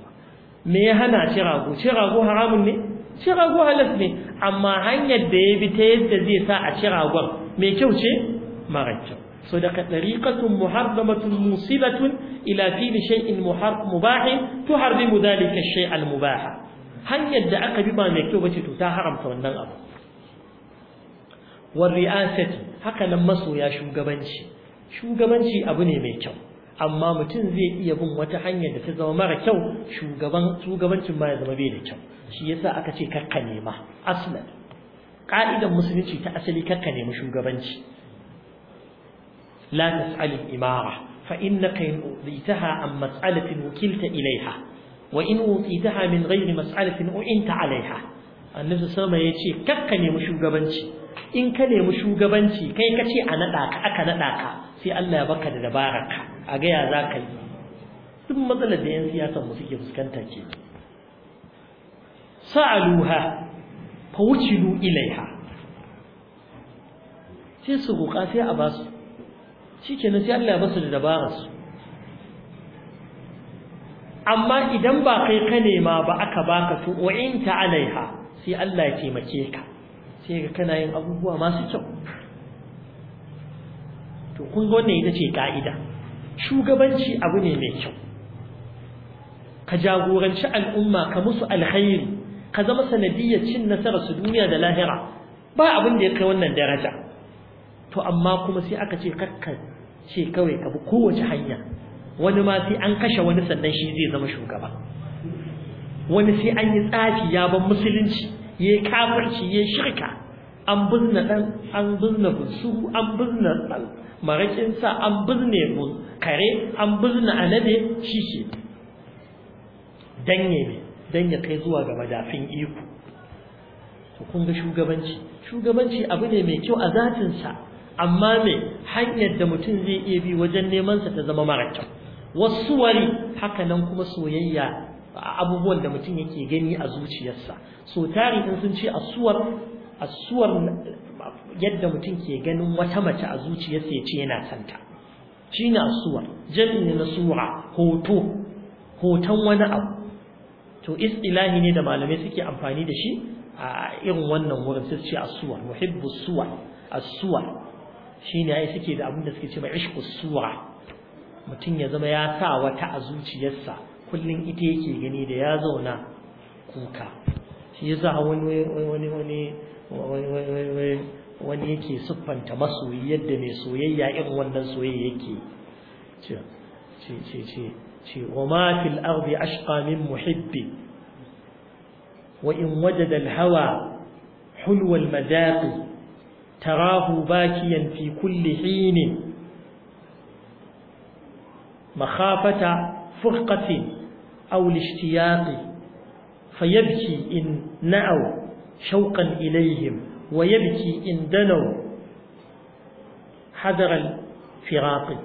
Speaker 1: me ya hana ci rago ci rago haramun ne ci rago halas ne amma hanyar da ya bi ta yadda zai sa a ci ragon mai kyau ce mara kyau so daga ɗariƙatun muharramatun musilatun ila fili shay'in mubahin to harrimu zalika shay al mubaha hanyar da aka bi ba mai kyau bace to ta haramta wannan abu war ri'asati haka nan masoya shugabanci shugabanci abu ne mai kyau amma mutum zai iya bin wata hanyar da ta zama mara kyau shugaban shugabancin ma ya zama bai da kyau shi yasa aka ce kakka nema aslan ka'idan musulunci ta asali kakka nemi shugabanci لا تسأل الإمارة فإنك إن أوتيتها عن مسألة وكلت إليها وإن أوتيتها من غير مسألة أعنت alaiha. annabi sama ya ce kakka nemi shugabanci in ka nemi shugabanci kai ka ce a naɗa aka naɗa ka sai Allah ya baka da dabararka a gaya za ka yi duk matsalar da yan siyasa mu suke fuskanta ke sa'aluha fa wucilu ilaiha sai su roƙa sai a basu ke sai Allah ya basu da dabara su. amma idan ba kai ka nema ba aka baka to wa in ta alaiha sai Allah ya taimake ka sai ka kana yin abubuwa masu kyau to kun ga wannan ita ce ka'ida shugabanci abu ne mai kyau ka jagoranci al'umma ka musu alkhairi ka zama sanadiyyar cin nasarar su duniya da lahira ba abin da ya kai wannan daraja to amma kuma sai aka ce kakka ce kawai ka bi kowace hanya wani ma sai an kashe wani sannan shi zai zama shugaba wani sai an yi tsafi ya ban musulunci ya yi kafirci ya shirka an binne dan an binne busu an bizna dan marakinsa an binne mu kare an binne alade shi ke danye ne dan ya kai zuwa ga madafin iko to kun ga shugabanci shugabanci abu ne mai kyau a zatinsa amma me hanyar da mutum zai iya bi wajen neman sa ta zama mara kyau wasu wari haka nan kuma soyayya abubuwan da mutum yake gani a zuciyarsa so tarihin sun ce asuwar asuwar yadda mutum ke ganin wata mace a zuciyarsa ya ce yana santa shine asuwar jami'in na sura hoto hoton wani abu to istilahi ne da malamai suke amfani da shi a irin wannan wurin sai ce asuwar muhibbu suwar asuwar shine ai suke da abin da suke cewa ishqu sura mutum ya zama ya sa wata a zuciyarsa kullum ita yake gani da ya zauna kuka shi yasa wani wani wani wani yake siffanta masoyi yadda mai soyayya irin wannan soyayya yake ce ce ce ce wa ma fil ardi ashqa min muhibbi wa in wajada al hawa hulwa al madaqi تراه باكيا في كل حين مخافة فرقة أو الاشتياق فيبكي إن نأوا شوقا إليهم ويبكي إن دنوا حذر الفراق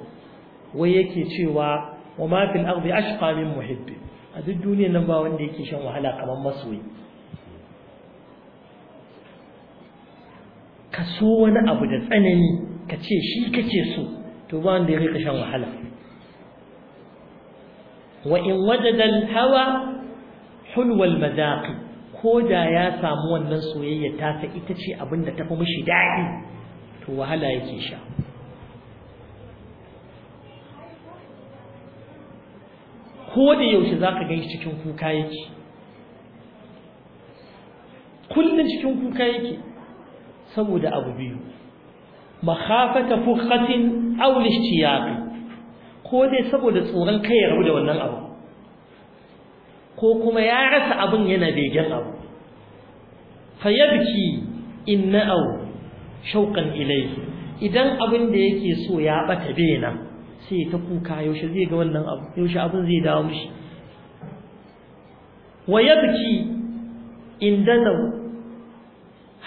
Speaker 1: ويكي تشوى وما في الأرض أشقى من محب هذا الدنيا نبا وندي كيشان وحلا من مصوي ka so wani abu da tsanani ka ce shi kake so to ba wanda ya rika shan wahala wa in wajada hawa hulwal mazaqi ko da ya samu wannan soyayya ta sa ita ce abin da tafi mishi daɗi to wahala yake sha
Speaker 2: ko da yaushe
Speaker 1: zaka gan shi cikin kuka yake Kullum cikin kuka yake saboda abu biyu makhafata fukhatin aw lishtiyaqi ko dai saboda tsoron kai ya rabu da wannan abu ko kuma ya rasa abin yana begen abu fayabki inna aw shauqan ilayhi idan abin da yake so ya bata bena sai ta kuka yaushe zai ga wannan abu yaushe abin zai dawo mishi wayabki indanahu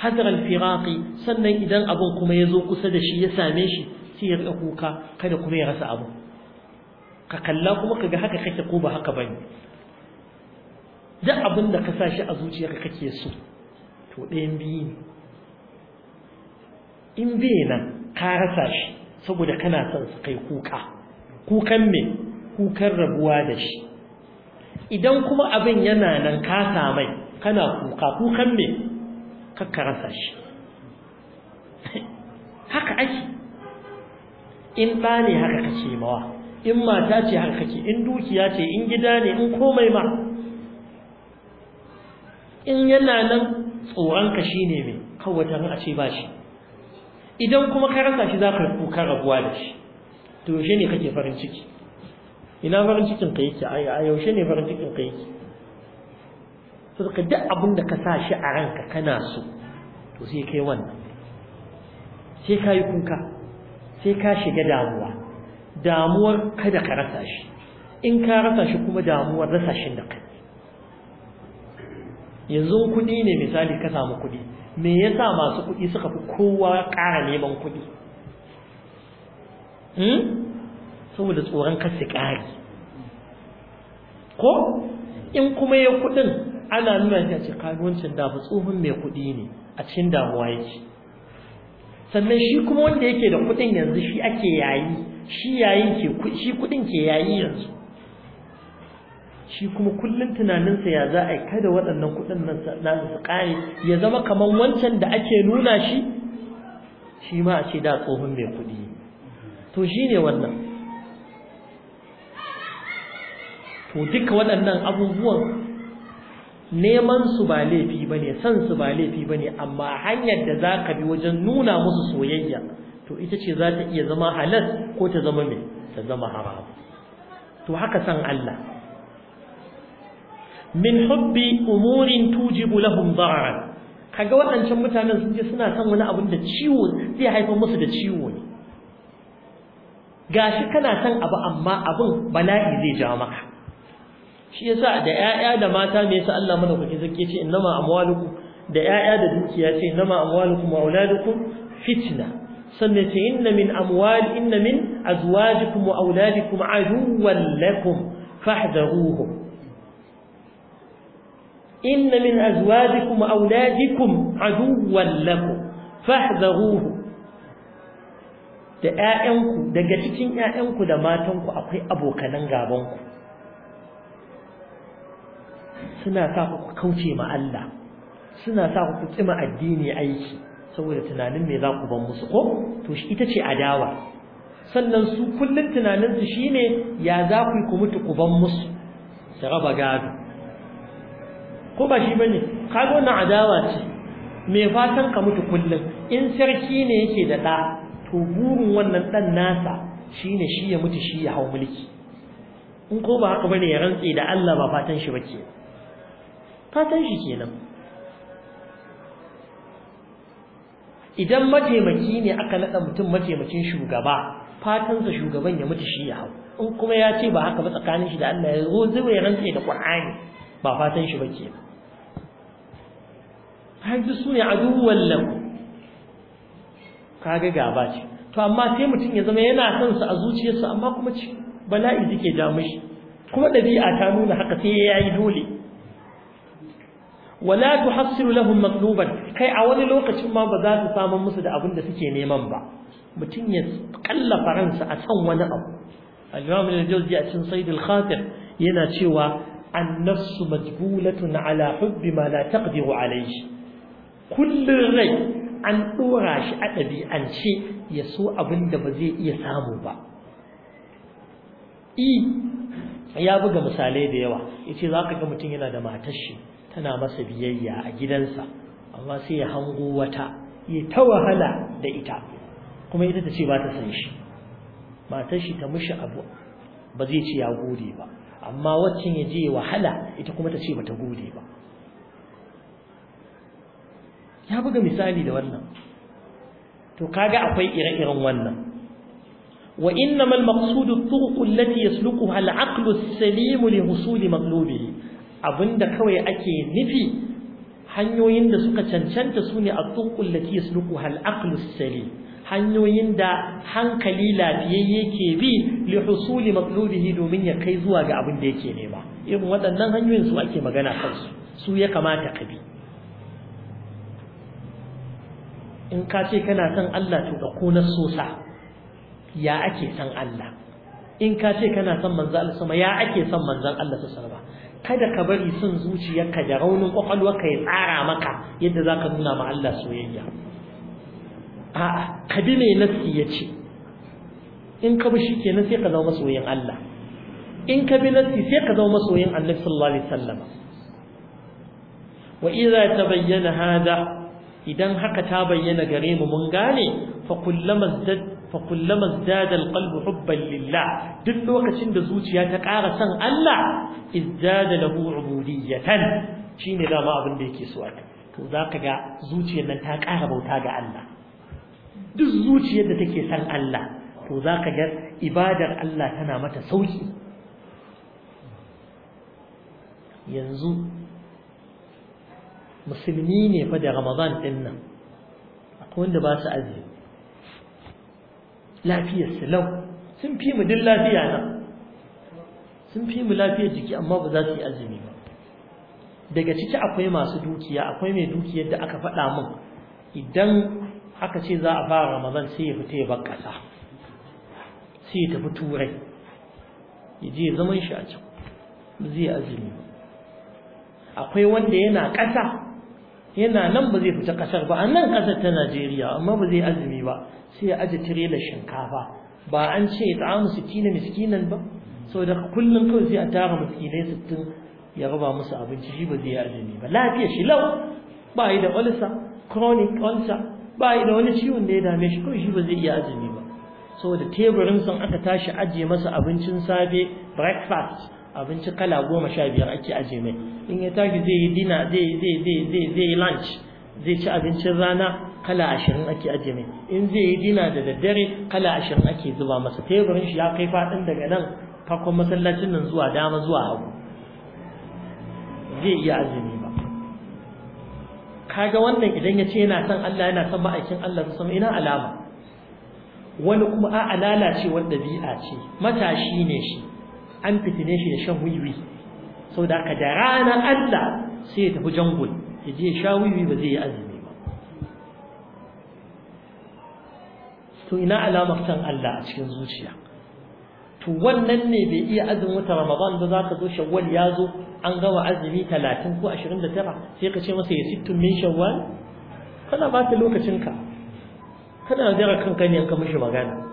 Speaker 1: Hazaran firaqi sannan idan abin kuma ya zo kusa da shi ya same shi sai ya rika kuka kada kuma ya rasa abu ka kalla kuma ka ga haka kake ko ba haka bane duk abin da ka shi a zuciyarka kake so to ɗayan biyu ne in bai nan ka rasa shi saboda kana son su kai kuka kukan me kukan rabuwa da shi idan kuma abin yana nan ka samai kana kuka kukan me kakka rasa shi haka ake in ɗa ne haka kace mawa in mata ce haka kake in dukiya ce in gida ne in komai ma in yana nan tsoronka shine mai kawata a ce ba shi idan kuma ka rasa shi za ka kuka rabuwa da shi to yaushe ne kake farin ciki ina farin cikin ka yake a yaushe ne farin cikin ka yake saboda duk abin da ka sa shi a ranka kana so to sai kai wannan sai ka yi kuka sai ka shiga damuwa damuwar kada ka rasa shi in ka rasa shi kuma damuwar rasa shi da kai yanzu kuɗi ne misali ka samu kuɗi me yasa masu kuɗi suka fi kowa ƙara neman kuɗi hmm? saboda tsoron kasu ƙari ko in kuma ya kuɗin ana nuna shi a ce kasuwancin da tsohon mai kuɗi ne a cikin damuwa yake sannan shi kuma wanda yake da kuɗin yanzu shi ake yayi shi yayin ke shi kuɗin ke yayi yanzu shi kuma kullum tunaninsa ya za a yi kada waɗannan kuɗin nan na su ƙare ya zama kamar wancan da ake nuna shi shi ma a ce da tsohon mai kuɗi to shi ne wannan to duka waɗannan abubuwan neman su ba laifi bane san su ba laifi ba ne, amma hanyar da za ka bi wajen nuna musu soyayya to ita ce za ta iya zama halas ko ta zama mai ta zama haram to haka san Allah min hubbi umurin tujibu lahum da'an kaga waɗancan mutanen sun je suna son wani abin da ciwo zai haifar musu da ciwo ne gashi kana son abu amma abin bala'i zai jawo maka shi yasa da ƴaƴa da mata me yasa Allah mana kuke zake ce innama amwalukum da ƴaƴa da dukiya ce innama amwalukum wa auladukum fitna sannan ce inna min amwal inna min azwajikum wa auladikum aduwwan lakum fahdharuhum inna min azwajikum wa auladikum aduwwan lakum fahdharuhum da ƴaƴanku daga cikin ƴaƴanku da matanku akwai abokanan gabanku suna sa ku kauce ma Allah suna sa ku tsima addini aiki saboda tunanin me za ku ban musu ko to shi ita ce adawa sannan su kullum tunaninsu shine ya za ku yi ku mutu ku ban musu su raba gado ko ba shi bane kaga wannan adawa ce me fatan ka mutu kullun in sarki ne yake da ɗa to burin wannan ɗan nasa shine shi ya mutu shi ya hau mulki in ko ba haka bane ya rantse da Allah ba fatan shi ba ke fatan shi kenan idan mataimaki ne aka naɗa mutum mataimakin shugaba fatansa shugaban ya mutu shi ya hau in kuma ya ce ba haka ba tsakanin shi da Allah ya zo zai ya rantse da Qur'ani ba fatan shi ba ke su ne aduwwan lam kaga gaba ce to amma sai mutum ya zama yana son su a zuciyarsa amma kuma ci bala'i suke ja mishi kuma ɗabi'a ta nuna haka sai yayi dole wala tuhassilu lahum matluban kai a wani lokacin ma ba za su samu musu da abin da suke neman ba mutum ya kalla faransa a san wani abu al-imam al-jawzi a cikin sayyid al yana cewa an-nafsu majbulatun ala hubbi ma la taqdiru alayhi kullun rai an dora shi a ɗabi'ance ya so abin da ba zai iya samu ba i ya buga misalai da yawa yace zaka ga mutum yana da matar shi tana masa biyayya a gidansa amma sai ya hango wata ya ta wahala da ita kuma ita ta ce ba ta san shi matar shi ta mishi abu ba zai ce ya gode ba amma waccan ya je wahala ita kuma ta ce ba ta gode ba ya buga misali da wannan to kaga akwai ire-iren wannan wa innamal maqsudu turuq allati yasluquha al-aqlu as-salim li husuli maqlubihi abinda kawai ake nufi hanyoyin da suka cancanta su ne a tuƙun lati ya suluku hal'aklus sali hanyoyin da hankali lafiyayye ke bi li husuli ne domin ya kai zuwa ga abin da yake nema irin waɗannan hanyoyin su ake magana kansu su ya kamata ka bi in ka ce kana son Allah to ka na sosa ya ake son Allah in ka ce kana son manzo Allah sama ya ake son manzan Allah sallallahu alaihi kada ka bari son zuciyarka da raunin kwakwalwarka ya tsara maka yadda za ka nuna ma Allah soyayya a'a ka bi mai nassi ya ce in ka bi shi kenan sai ka zama masoyin Allah in ka bi Nasi sai ka zama masoyin Annabi sallallahu alaihi wasallam wa idza tabayyana hada idan haka ta bayyana gare mu mun gane fa kullama فكلما ازداد القلب حبا لله duk lokacin da zuciya ta ƙara son Allah izdada lahu ubudiyatan shine dama abin da yake so aka to zaka ga zuciyar nan ta ƙara bauta ga Allah duk zuciyar da take son Allah to zaka ga ibadar Allah tana mata sauki yanzu musulmi ne fa da Ramadan din nan akwai wanda ba su azumi lafiyar su lau sun fi mu din lafiya nan sun fi mu lafiyar jiki amma ba za su yi azumi ba daga ciki akwai masu dukiya akwai mai dukiyar da aka faɗa min idan aka ce za a fara ramadan sai ya fita ya bar ƙasa sai ya tafi turai ya je zaman shi a can ba zai azumi ba akwai wanda yana ƙasa yana nan ba zai fita kasar ba a nan kasar ta Najeriya amma ba zai azumi ba sai ya aje tirelar shinkafa ba an ce ya ta'amu sittina miskinan ba saboda kullum kawai sai a tara miskinai sittin ya raba musu abinci shi ba zai azumi ba lafiya shi lau ba yi da ulcer chronic ulcer ba yi da wani ciwon da ya dame shi kawai shi ba zai iya azumi ba saboda teburin sun aka tashi ajiye masa abincin safe breakfast abinci kala goma sha biyar ake aje mai in ya tashi zai yi dina zai yi lunch zai ci abincin rana kala ashirin ake aje mai in zai yi dina da daddare kala ashirin ake zuba masa teburin shi ya kai faɗin daga nan farkon masallacin nan zuwa dama zuwa hagu zai iya azumi ba kaga wannan idan ya ce yana son Allah yana son ma'aikin Allah su sama ina alama wani kuma a'a lalace wanda bi'a ce matashi ne shi an fitine shi da shan wiwi sau da aka da ranar Allah sai ya tafi jangul ya je ya sha wiwi ba zai yi azumi ba to ina alamar san Allah a cikin zuciya to wannan ne bai iya azumin wata Ramadan da ka zo Shawwal ya zo an gama azumi talatin ko tara sai ka ce masa ya sittun min Shawwal kana ba ta lokacinka kana jira kanka ne ka mishi magana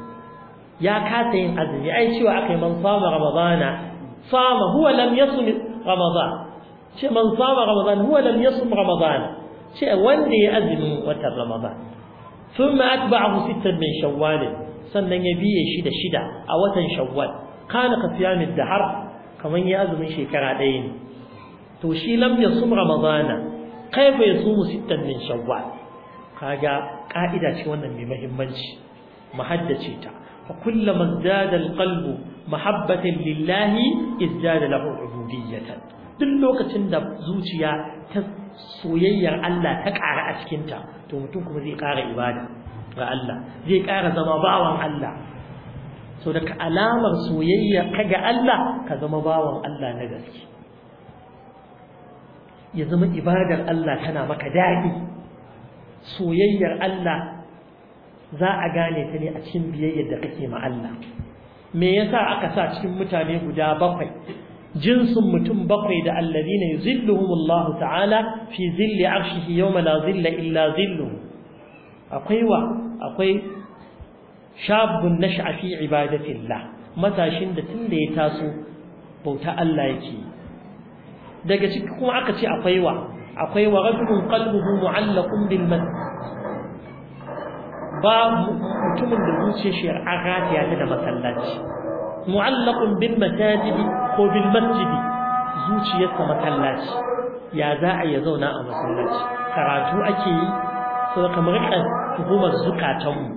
Speaker 1: ya kasa yin azumi ai cewa aka yi man sama ramadana sama huwa lam yasum ramadan ce man sama ramadan huwa lam yasum ramadan ce wanda ya azumin watan ramadan thumma atba'ahu sittan min shawwal sannan ya biye shi da shida a watan shawwal kana ka siyamid dahar kaman ya azumin shekara ɗaya ne to shi lam yasum ramadana kaifa yasumu sittan min shawwal kaga ka'ida ce wannan mai muhimmanci mu haddace ta فكلما ازداد القلب محبة لله ازداد له عبودية duk lokacin da zuciya ta soyayyar Allah ta ƙara a cikinta to mutum kuma zai ƙara ibada ga Allah zai ƙara zama bawan Allah so daga alamar soyayya ka ga Allah ka zama bawan Allah na gaske ya zama ibadar Allah tana maka daɗi soyayyar Allah za a gane ta ne a cikin biyayyar da kake ma Allah me yasa aka sa cikin mutane guda bakwai jinsin mutum bakwai da allazina yuzilluhumullahu ta'ala fi zilli arshihi yawma la zilla illa zillu? akwai wa akwai shabun nash'a fi ibadatillah matashin da tun da ya taso bauta Allah yake daga ciki kuma aka ce akwai wa akwai wa rajulun qalbuhu mu'allaqun bil masjid babu mutumin da zuciyar shi a ta da masallaci muallakun bin masajidi ko bil masjidi zuciyarsa masallaci ya za a ya zauna a masallaci karatu ake yi sai kamar kan zukatanmu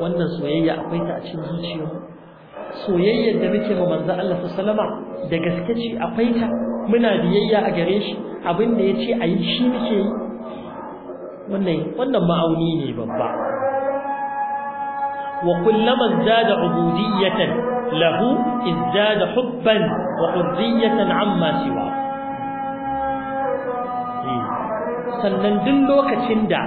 Speaker 1: wannan soyayya akwai ta a cikin zuciyarmu soyayyar da muke ma manzo Allah sallama da gaske ce akwai ta muna biyayya a gare shi abin da a ayi shi muke yi wannan ma'auni ne babba wa kullama zada ubudiyatan lahu izada hubban wa qurbiyatan amma siwa eh, sannan duk lokacin da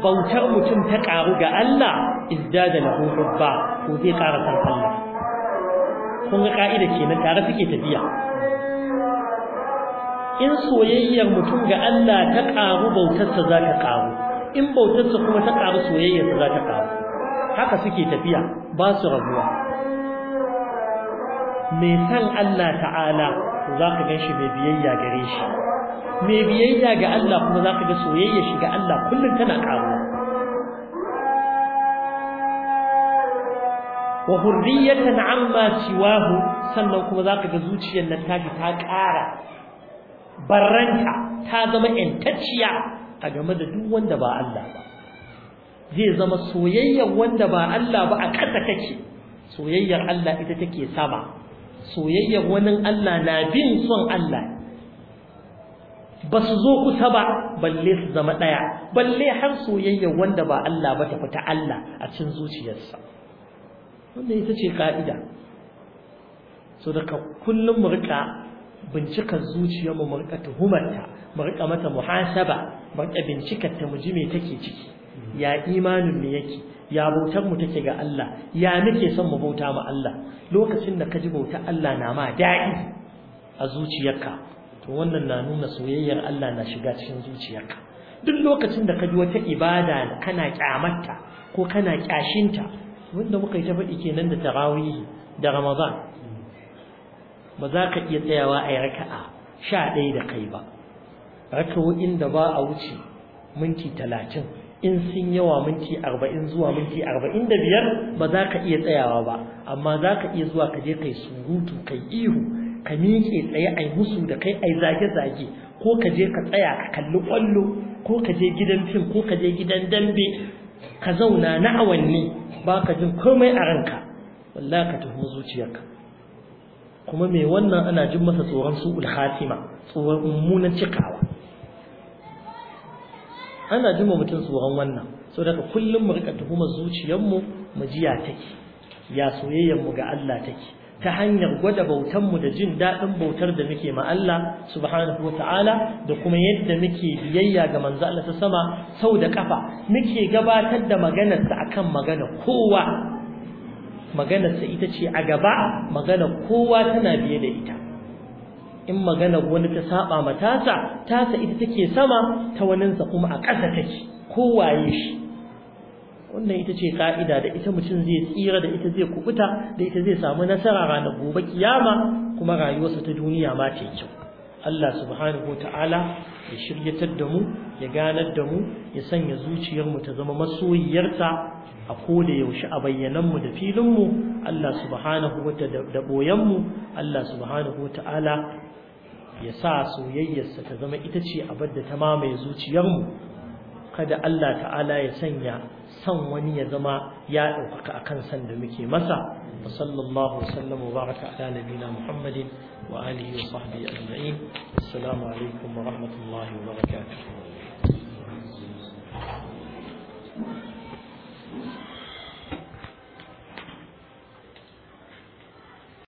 Speaker 1: bautar mutum ta karu ga Allah izada lahu hubba ko zai ƙara san Allah kun ga ka'ida kenan tare suke tafiya
Speaker 2: in soyayyar mutum ga Allah ta ƙaru bautarsa za ta ƙaru in bautarsa kuma ta ƙaru soyayyarsa za ta ƙaru
Speaker 1: haka suke tafiya ba su rabuwa mai san Allah ta'ala za ka gan shi mai biyayya gare shi mai biyayya ga Allah kuma za ka ga soyayya shi ga Allah kullum tana ƙaruwa wa hurriyatan amma siwahu sannan kuma za ka ga zuciyar nan ta ta ƙara barranta ta zama intacciya a game da duk wanda ba Allah ba zai zama soyayyar wanda ba Allah ba a ƙasa take soyayyar Allah ita take sama soyayyar wani Allah na bin son Allah ba su zo kusa ba balle su zama ɗaya balle har soyayyar wanda ba Allah ba ta fita Allah a cin zuciyarsa wannan ita ce ka'ida so daga kullum mu rika bincikar zuciyarmu mu rika tuhumarta mu rika mata muhasaba mu rika bincikar ta mu ji me take ciki ya imanin mu yake ya bautar mu take ga Allah ya nake son mu bauta ma Allah lokacin da ka ji Allah na ma daɗi a zuciyarka to wannan na nuna soyayyar Allah na shiga cikin zuciyarka duk lokacin da ka ji wata ibada kana kyamarta ko kana kyashinta wanda muka yi ta faɗi kenan da tarawihi da ramadan ba za ka iya tsayawa a yi raka'a sha ɗaya da kai ba raka'o'in da ba a wuce minti talatin in sun yawa minti arba'in zuwa minti arba'in da biyar ba za ka iya tsayawa ba amma za ka iya zuwa ka je kai surutu kai ihu ka miƙe tsaye ai musu da kai ai zage-zage ko ka je ka tsaya ka kalli ƙwallo ko ka je gidan fim ko ka je gidan dambe ka zauna na awanni ba ka jin komai a ranka wallaka ka zuciyarka kuma mai wannan ana jin masa tsoron su'ul hatima tsoron mummunan cikawa ana jin ma mutum tsoron wannan so daga kullum mu rika tuhumar zuciyarmu mu jiya take ya soyayyar mu ga Allah take ta hanyar gwada bautar mu da jin daɗin bautar da muke ma Allah subhanahu wata'ala da kuma yadda muke biyayya ga manzo Allah ta sama sau da kafa muke gabatar da maganarsa akan maganar kowa sa ita ce a gaba maganar kowa tana biye da ita in maganar wani ta saba ma tasa tasa ita take sama ta sa kuma a ƙasa take kowaye shi wannan ita ce ka'ida da ita mutum zai tsira da ita zai kubuta da ita zai samu nasara ranar gobe kiyama kuma rayuwarsa ta duniya ma ce kyau Allah subhanahu wa ta'ala ya shiryatar da mu ya ganar da mu ya sanya zuciyarmu ta zama masoyiyarta a koda yaushe a bayyananmu da filinmu Allah subhanahu wa ta'ala da boyanmu Allah subhanahu wa ta'ala ya sa soyayyarsa ta zama ita ce abar da ta mamaye zuciyarmu kada Allah ta'ala ya sanya son wani ya zama ya ɗaukaka akan san da muke masa وصلى الله وسلم وبارك على نبينا محمد وآله وصحبه أجمعين السلام عليكم ورحمة الله وبركاته